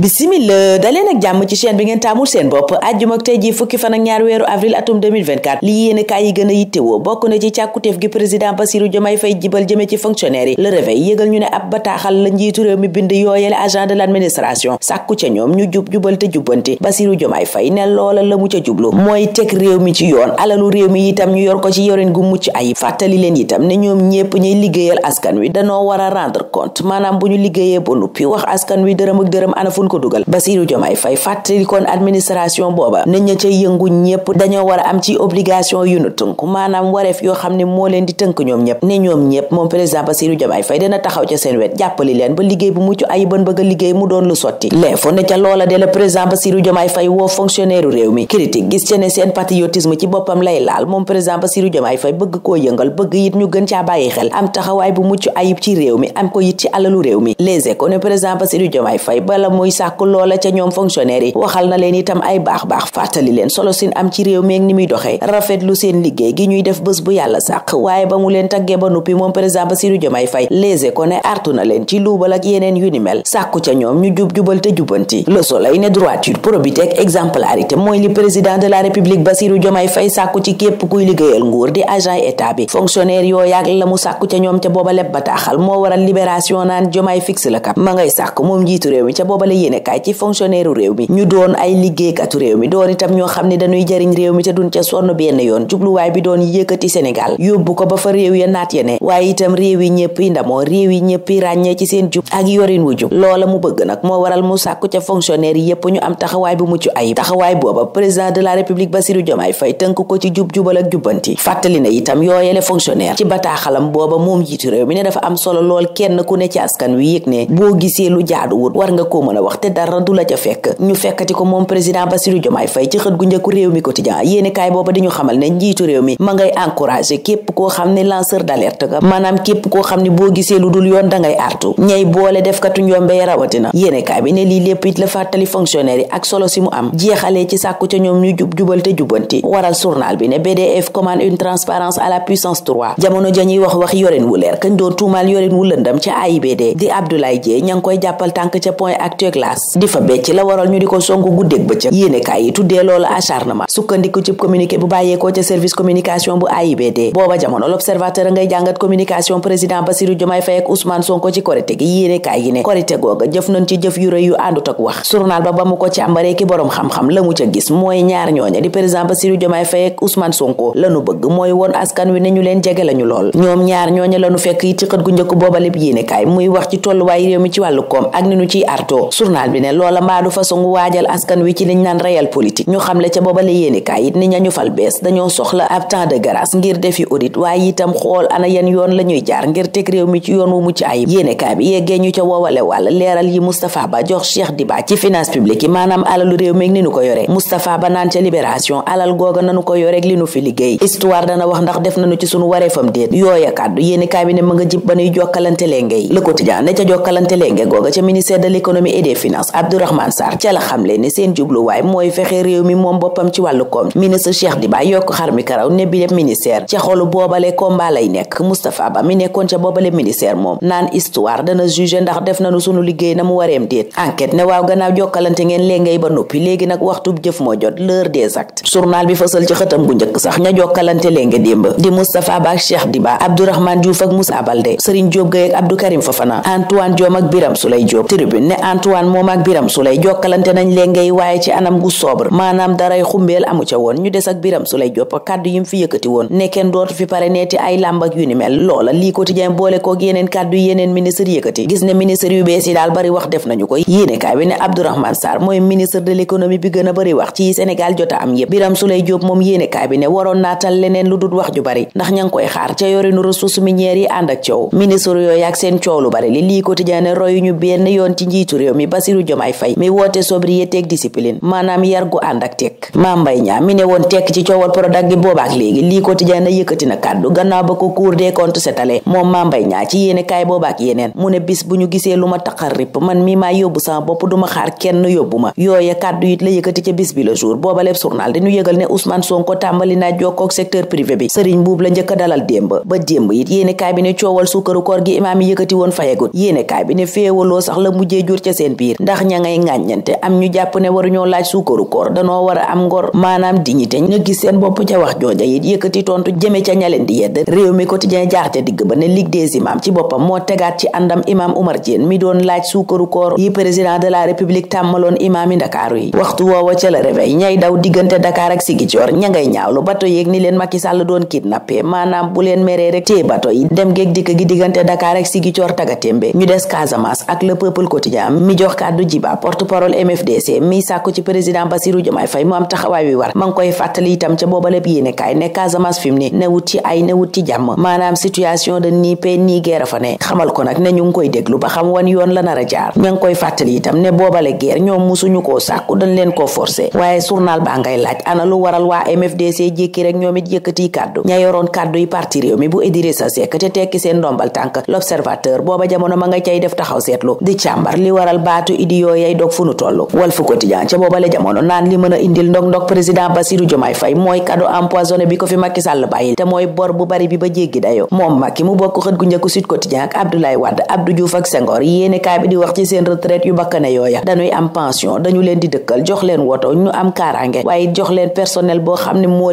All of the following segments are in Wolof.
bisimila daleen ak jàmm ci chaîne bi ngeen taamul seen bopp àjjuma ak tey ji fukki fan ak ñaar weeru avril atum 2024 li yéene kaay yi gën a yittewoo bokk na ci càkkutéef gi président Bassirou Diomaye Faye jibal jëme ci fonctionnaire yi le réveil yëgal ñu ne la njiitu réew mi ñoom ñu jub jubal te jubbanti Bassirou Diomaye Faye ne loola la mu ca jublu mooy teg réew mi ci yoon alalu réew mi itam ñu yor ko ci yorin gu mucc ay fàttali leen itam ne ñoom ñépp ñuy liggéeyal askan wi danoo war a rendre compte maanaam bu ñu liggéeyee ba nuppi wax askan wi dërëm ak dërëm ana fu fuñ ko dugal Bassirou Diomaye Faye administration booba nañ ña yëngu ñëpp dañoo war a am ci obligation yu nu tënk maanaam wareef yoo xam ne moo leen di tënk ñoom ñëpp ne ñoom ñëpp moom président ba liggéey bu mucc bëgg a liggéey mu doon lu sotti koo yëngal bëgg it ñu gën caa bàyyi xel am taxawaay bu mucc ayib ci réew mi am ko it ci alalu réew mi les éco ne président Bassirou Diomaye Faye bala mooy sàkk loola ca ñoom fonctionnaire yi waxal na leen itam ay baax-baax fàttali leen solo sin am ci réew meeg ni muy doxee rafetlu seen liggéey gi ñuy def bés bu yàlla sàkk waaye ba mu leen taggee ba nuppi moom président Bassirou Diomaye Faye léese ko ne artu ñu jub-jubal te jubanti Le Soleil ne droiture probité ak exemplarité mooy li président de la république Bassirou Diomaye Faye sàkku ci képp kuy liggéeyal nguur di agent état bi fonctionnaire yoo yaag la mu sàkku ca ñoom ca boobale bataaxal moo waral libération naan Diomaye fixe la cap ma ngay sàkk moom njiitu réew mi ca boobale yéenekaay ci fonctionnaire u réew mi ñu doon ay liggéeykatu réew mi doon itam ñoo xam ne dañuy jariñ réew mi te duñ ca sonn benn ya naat ya ne waaye itam réew yi ñëpp yi ndamoo yépp ñu am taxawaay bu mucc ayib taxawaay booba président de la république Bassirou Diomaye Faye tënk ko ci jub-jubal ak jubbanti fàttali na itam yooyele fonctionnaire ci bataaxalam booba moom jiitu réew mi ne dafa am solo lool kenn ku ne ci wi yëg ne boo gisee lu jaaduwut war nga ko mën a wax wax te dara du la ca fekk ñu ko ne njiitu ma ngay encouragé koo xam ne lanceur d'alerte nga boo gisee lu dul yoon dangay artu ñay boole defkatu njombe rawatina yéeni kaay bi ne lii lépp it la fàttali fonctionnaire yi ak solo si mu am jeexalee ci sàkku ca ñoom ñu jub jubal te jubanti waral journal bi ne BDF commande une transparence à la puissance 3 jamono jañuy wax wax yoreen wu leer kañ doon tuumaal yoreen wu lëndam ca AIBD di Abdoulaye Dieye ña koy jàppal tànk ca point actuel glace di fa becc la waral ñu di ko songu guddeeg bëccëg yéenekaay yi tuddee loolu acharnement sukkandiku ci communiqué bu bàyyeekoo ca service communication bu AIBD booba jamono l'observateur ngay jàngat communication président Bassirou Diomaye Sonko ci korite gi yéenekaay yi ne korite googa jëf nañ ci jëf yu rëy yu àndut ak wax journal ba ba mu ko càmbaree ki boroom xam-xam la mu ca gis mooy ñaar ñooña di président Bassirou Diomaye Faye ak Ousmane Sonko lanu bëgg journal bi ne loola mbaa du façon waajal askan wi ci liñ naan réel politique ñu xamle ca boobale yéenikaay it ni ñañu fal bees dañoo soxla ab temps de grâce ngir defi audit waaye itam xool ana yan yoon la ñuy jaar ngir teg réew mi ci yoon wu ca woowale wàll leeral yi ni ñu naan ca libération alal googa nanu ko yorek li nu bi ne ma nga jib ba nuy jokkalante lenge yi Le Quotidien ne ca jokkalante lenge googa ca ministère de l'économie et finance Abdourahmane Sarr ca la xamle ne seen jubluwaay mooy fexe réew mi moom boppam ci wàllu koom ministre Cheikh Diba yokk xar mi karaw ne bi ministère ca xolu boobale combat lay nekk Moustapha Ba mi nekkoon ca boobale moom naan histoire dana juge ndax sunu liggéey na mu wareem déet enquête ne waaw gannaaw jokkalante ngeen léengay ba noppi léegi nag waxtu jëf moo jot l'heure des actes journal bi fësal ci xëtam bu njëkk sax ña jokkalante léenge démb di Moustapha Ba ak Cheikh Diba Abdourahmane Diouf ak Moussa Balde Serigne Diop Gueye ak Abdou Karim Fofana Antoine Diome ak Biram Souleye Diop tribune ne Antoine moom ak biram sulay jokkalante nañ léengay waaye ci anam gu sobre maanaam daray xumbeel amu ca woon ñu des ak biram sulay jopp kàddu yim fi yëkkati woon nekkeen a bari wax ci jota am yépp biram sulay jóob moom yéenekaay bi ne waroon naatal leneen lu dul wax ju bari ndax ña koy xaar ca yorinu ressources minières yi ànd ak coow ministre yooyu ak seen coow lu bari li lii quotidien ne royu ñu benn yoon ci njiitu réew mi Bassirou Diomaye Faye mi woote sobriété ak maanaam yar gu ànd ak tekk Mame Mbaye mi ne woon tekk ci coowal Prodac bi le jour boobaleb dañu yëgal ne Ousmane Sonko tàmbali naa jokkook secteur privé bi Serigne Mbuub la njëkk a dalal démb ba démb it yéene bi ne coowal suukaru koor gi imaam yëkkati woon fayegut yéene kaay bi ne féewaloo sax la mujjee jur ca seen biir ndax ña ngay ngàññante am ñu jàpp ne waruñoo laaj suukaru koor danoo war a am ngor maanaam dignité ña gis seen bopp ca wax jooja it yëkkati tontu jëme ca ñaleen di yedd réew mi quotidien jaar ca ca diggante Dakar ak Ziguinchor ña ñaawlu bato yeeg ni leen Macky Sall doon kidnappé maanaam bu leen meree rek bato yi dem géeg dikk gi diggante Dakar ak Ziguinchor tagatémbe ñu des Casamance ak le peuple quotidien mi jox jox kàddu jiba porte parole MFDC mi sàkku ci président Bassirou Diomaye Faye mu am taxawaay wi war ma koy fàttali itam ca boobaleb yéenekaay ko nag ne ñu ngi koy déglu ba xam wan yoon la nar a jaar ña ngi koy fàttali itam ne boobale guerre ñoom musuñu koo sàkku dañ leen koo forcé waaye journal baa ngay laaj ana lu waral waa MFDC jékki rek ñoom it yëkkati kàddu ña yoroon kàddu yi parti réew mi bu Idrissa Seck te tekki seen dombal tànk l'observateur booba jamono ma nga cay def taxaw seetlu di càmbar li waral baa xalaatu idi yooyay dog fu nu toll Walf Quotidien ca boobale jamono naan li mën a indil ndog ndog président Bassirou Diomaye Faye mooy cadeau empoisonné bi ko fi Macky Sall bàyyil te mooy bor bu bari bi ba jéggi dayo moom Macky mu bokk xët gu njëkk Sud ak Abdoulaye Wade Abdou Diouf ak Senghor yéene kaay bi di wax ci seen retraite yu bakkane yooya dañuy am pension dañu leen di dëkkal jox woto ñu am kaarange waaye jox personnel boo xam ne moo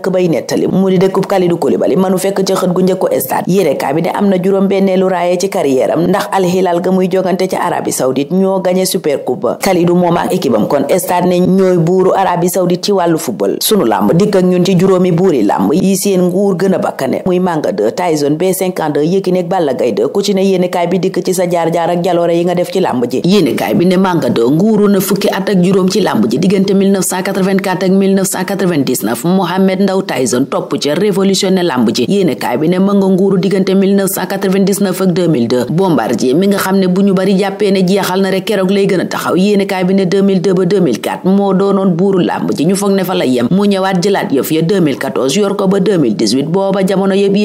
dëkk bay nettali mu di dëkkub Kalidou Koulibaly manu fekk ca xët gu njëkko stade yérekaa bi ne am na juróom benneelu raaye ci carrière ndax Al ga muy jogante ak équipe ci wàllu football sunu làmb dikk ak ñun ci juróomi buuri làmb yi seen nguur gën a bakkane muy Manga 2 Tyson B52 Yékini ak Balla Gaye 2 ku ci ne yéenekaay bi dikk ci sa jaar-jaar ak jaloore yi nga def ci làmb ji yéenekaay bi ne Manga 2 nguuru na fukki at ak juróom ci làmb ji ndaw topp ca révolutionné lamb ji yéenekaay bi ne ma nga nguuru diggante 1999 ak 2002 Bombardier mi nga xam ne bu ñu bari jàppee ne jeexal na rek keroog lay gën taxaw yéenekaay bi ne 2002 ba 2004 moo doonoon buuru lamb ji ñu foog ne fa la yem mu ñëwaat jëlaat yëf ya 2014 yor ko ba 2018 booba jamono yëpp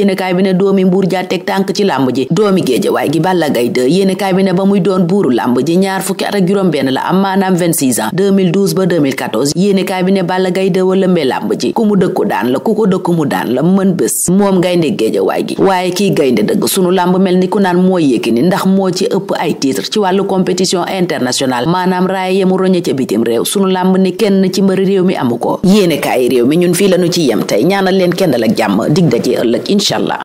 muy doon buuru lamb ji ñaar fukki at ak juróom benn la am maanaam 26 ans 2012 ba 2014 yéenekaay bi ne Balla wala mbee lamb ji ku mu dëkku daan la ku ko dëkk mu daan la mën bés moom gaynde géejawaay gi waaye kii gaynde dëgg sunu làmb mel ni ku naan moo ni ndax moo ci ëpp ay titre ci wàllu compétition internationale maanaam raaye yemu roñe ca bitim réew sunu làmb ni kenn ci mbëri réew mi amu ko yéene kaay réew mi ñun fii la lañu ci yem tey ñaanal leen kenn dal ak jàmm dig daje ëllëg incha allah